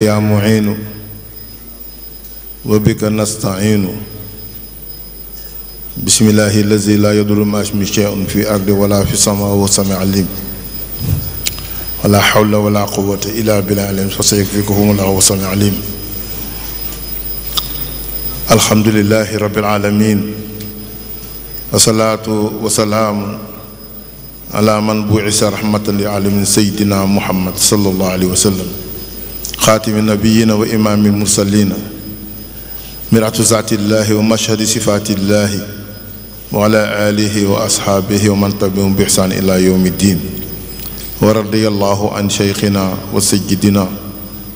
يا معين وبك نستعين بسم الله الذي لا يضر مع اسمه شيء في الارض ولا في السماء وهو السميع العليم ولا حول ولا قوة إلا بالله العلي فسيكفيكهم الله وهو السميع العليم الحمد لله رب العالمين والصلاة والسلام على من بعث رحمة للعالمين سيدنا محمد صلى الله عليه وسلم خاتم النبيين وإمام المرسلين مرعة ذات الله ومشهد صفات الله وعلى آله وأصحابه ومن تبعهم بإحسان إلى يوم الدين ورضي الله عن شيخنا وسيدنا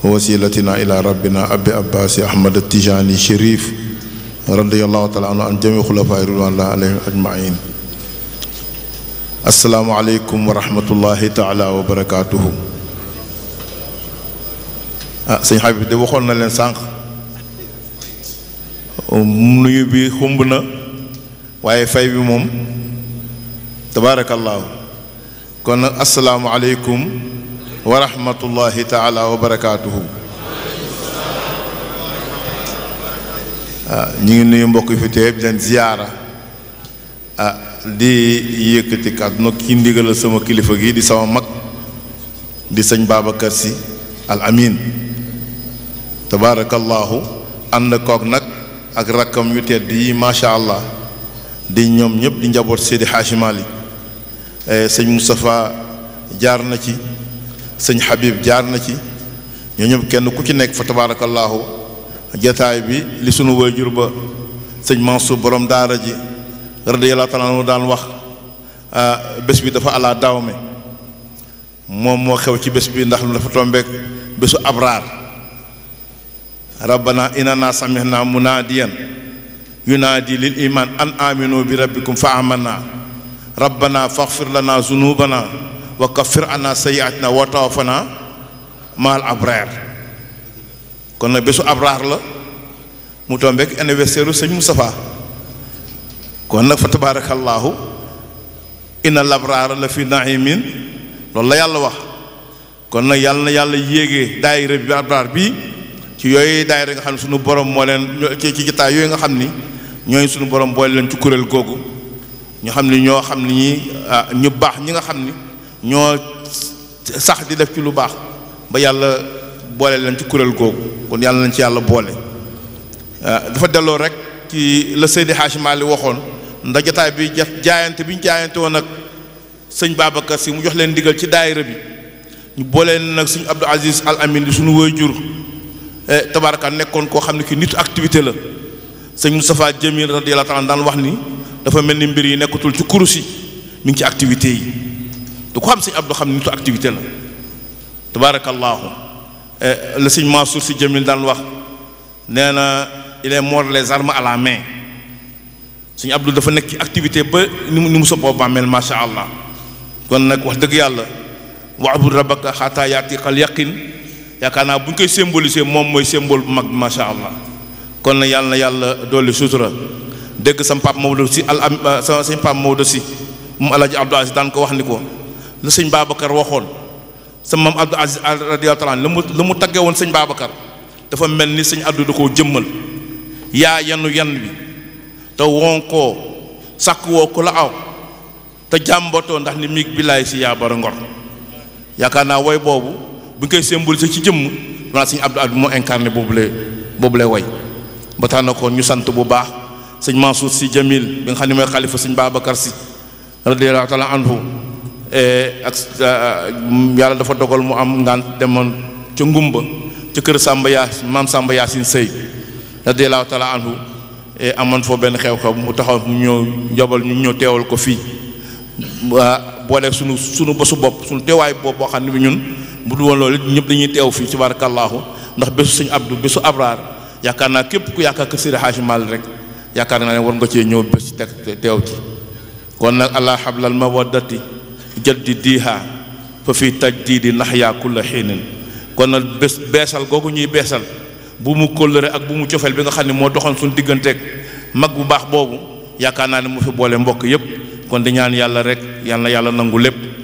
ووسيلتنا إلى ربنا أبي أباس أحمد التجاني شريف رضي الله تعالى عنه عن جميع خلفاء رضوان الله عليهم أجمعين السلام عليكم ورحمة الله تعالى وبركاته ah sëñ Habib de waxoon na leen sànq nuyu bi xumb na waaye fay bi moom tabaarakallaahu kon nag asalaamualeykum wa rahmatullahi taala wa barakaatuhu ah ñu ngi nuyu mbokk fi teew di leen ziyaara ah di yëkkati kàddu nag ki ndigal sama kilifa gi di sama mag di sëñ Babacar Sy al Amin tabarakallahu ànd koog nag ak rakkam yu tedd yi macha allah di ñoom ñëpp di njaboot Seydi Hadji Malick sëñ Moustapha jaar na ci sëñ Habib jaar na ci ñoo ñëpp kenn ku ci nekk fa tabarakallahu jataay bi li sunu wayjur ba sëñ Mansour borom daara ji radiyallahu taala daan wax bés bi dafa ala daawme moom moo xew ci bés bi ndax lu dafa tombeek bésu abraar ربنا إننا سمعنا مناديا ينادي للإيمان أن آمنوا بربكم فآمنا ربنا فاغفر لنا ذنوبنا وكفر عنا سيئاتنا وتوفنا مع الأبرار كنا بسو أبرار لا موتون بك أن يبسيرو سيد مصطفى كنا فتبارك الله إن الأبرار لفي نعيم لله يالله كنا يالنا يالله يجي دائرة بأبرار بي, أبرار بي ci yoy daayira nga xamni sunu borom mo len ci ci gita yoy nga xamni ñoy sunu borom bo len ci kurel gogu ñu xamni ño xamni ni ñu bax ñi nga xamni ño sax di def ci lu bax ba yàlla boole len ci kurel gogu kon yàlla lañ ci yàlla boole dafa delo rek ci le Seydi hashim ali waxon ndax jataay bi ja jaayante bi ñu jaayante woon nag sëñ Babacar si mu jox len digal ci daayira bi ñu boole nak seigne Abdou Aziz Al Amin suñu wayjur jur Eh, tabaraka nekkoon koo xam ne ki nitu activité la sëñ Moustapha Jamil radiyallahu taala daan wax ni dafa mel ni mbir yi nekkatul ci kurus yi ngi ci activité yi du ko xam sëñ Abdou xam ne nitu activité la tabaarakallaahu eh, la sëñ Mansour si Jamil daan wax nee na il est mort les armes à la main sëñ Abdou dafa nekk ci activité ba ni mu ni mu soppoo bàmmeel macha allah kon nag wax dëgg yàlla wa abud rabbaka xataa yaatikal yaqin yaakaar naa bu ñu koy symboliser moom mooy symbole bu mag bi macha allah kon na yàlla na yàlla dolli sutura dégg sam pap Maodo si al am euh, sa sëñ pap Maodo si moom El Hadj Abdou Aziz daan ko wax ni ko la sëñ Babacar waxoon sama maam Abdou Aziz radiyallahu taala la mu la mu taggee woon sëñ Babacar dafa mel ni sëñ Abdou du ko jëmmal yaa yanu yan bi te wonkoo sàkk woo ku la aw te jàmbatoo ndax ni miig billaay si yaa bara ngor yaakaar naa woy boobu bu ñu koy symboliser ci jëmm maanaam sëñ Abdou Abdou moo incarné boobu lay boobu lay way ba tax na kon ñu sant bu baax sëñ Mansour si Jamil bi nga xam ne mooy xalifa sëñ Babacar si radiyallahu taala anhu e, ak e, yàlla dafa dogal mu am ngaan demoon ca ngumba ca kër Samba yaa maam Samba Yaasin Sëy radiyallahu taala anhu e, amoon foo benn xew-xew mu taxaw mu ñëw njobal ñu ñëw teewal ko fii boole sunu sunu bésu bopp sunu teewaayu bopp boo xam ne bi ñun bu dul woon loolu ñëpp dañuy teew fii si tabaarakallaahu ndax bésu suñu abdu bésu abraar yaakaar naa képp ku yaakaar kër si Haaji Maalik rek yaakaar naa ne war nga cee ñëw bés ci teg teew ci kon nag lal ma allah hablal mawaddati jaddidiha fa fi tajdiidi naxyaa kulla xiinin kon nag bés beesal kooku ñuy beesal bu mu kóllëre ak bu mu cofeel bi nga xam ne moo doxoon suñu digganteeg mag bu baax boobu yaakaar naa ne moo fi boole mbokk yépp kon di ñaan yàlla rek yal na yàlla nangu lépp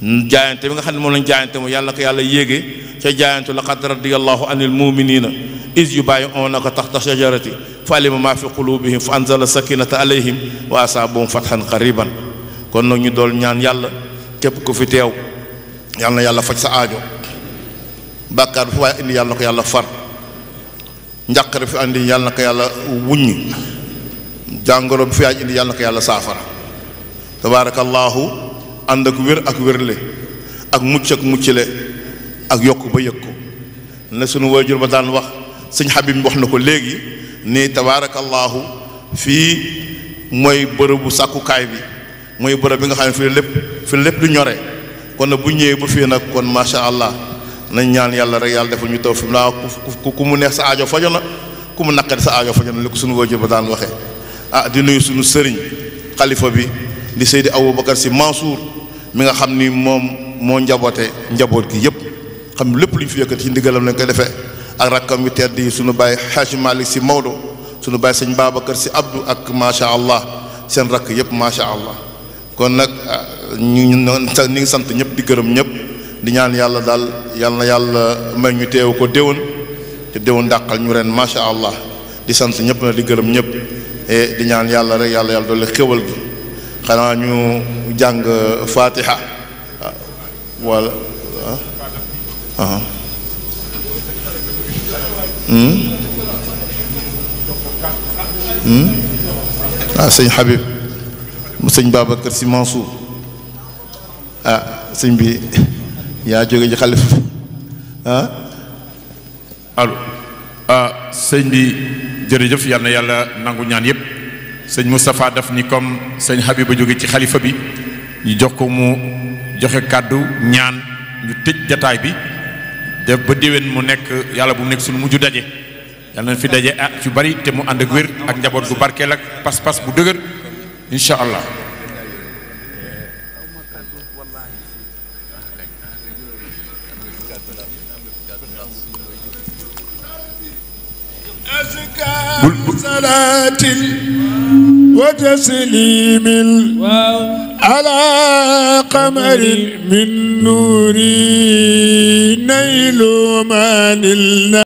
jaayante bi nga xam ne moom lañ jaayante mu yàlla ko yàlla yéege ca jaayantu laqad radiyallahu anil muminina is yubayi'unaka taxta shajarati fa alima ma fi qulubihim fa anzala sakinata alayhim wa asaabahum fathan qariban kon nag ñu dool ñaan yàlla képp ku fi teew yàlla na yàlla faj sa aajo bàkkaar bi fi indi yàlla ko yàlla far njàqare fi andi yàlla na ko yàlla wuññi jàngoro bi fi indi yàlla ko yàlla saafara tabaarakallahu ànd ak wér ak wérle ak mucc ak muccile ak yokk ba yëg na sunu wajur ba daan wax seigne Habib wax nako legi léegi tabarakallah fi moy mooy bërëbu kay bi moy bërëb bi nga xam fi lépp fi lépp du ñore kon nag bu ñewé ba fi nak kon ma sha allah na ñaan yàlla rek yàlla defal ñu taw la ku ku mu neex sa aajo fajo na ku mu naqari sa aajo fajo na li ko sunu wajur ba daan waxe ah di nuyu sunu sëriñ khalifa bi di Seydi bakkar si Mansour mi nga xam ni moom moo njaboote njaboot gi yëpp xam lépp lu ñu fi yëkkati ci ndigalam lañ koy defee ak rakkam yu tedd yi suñu bàyyi Xaaji Malick si Maodo suñu bàyyi sëñ kër si Abdou ak macha allah seen rakk yëpp macha allah kon nag ni ngi sant ñëpp di gërëm ñëpp di ñaan yàlla daal yàlla yàlla may ñu teew ko déwén te déwén dàqal ñu ren macha allah di sant ñëpp na di gërëm ñëpp di ñaan yàlla rek yàlla yàlla doole xéwal gi. xanaa ñu jàng fatiha wala ah. Ah. Hmm? Hmm? ah sëñ Habib sëñ Babacar Si Mansour ah, sëñ bi yaa jóge ci xalif ah allo ah sëñ bi jërëjëf yal na yàlla nangu ñaan yëpp sëñ Moustapha daf ni comme sëñ Habiba jóge ci xalifa bi ñu jox ko mu joxe kàddu ñaan ñu tëj jataay bi def ba déwén mu nekk yàlla bu mu nekk suñu mujj daje yàlla nañ fi daje ah ci bari te mu ànd ak wér ak njaboot gu barkeel ak pas-pas bu dëgër incha allah. وتسليم على قمر من نور نيل ما نلنا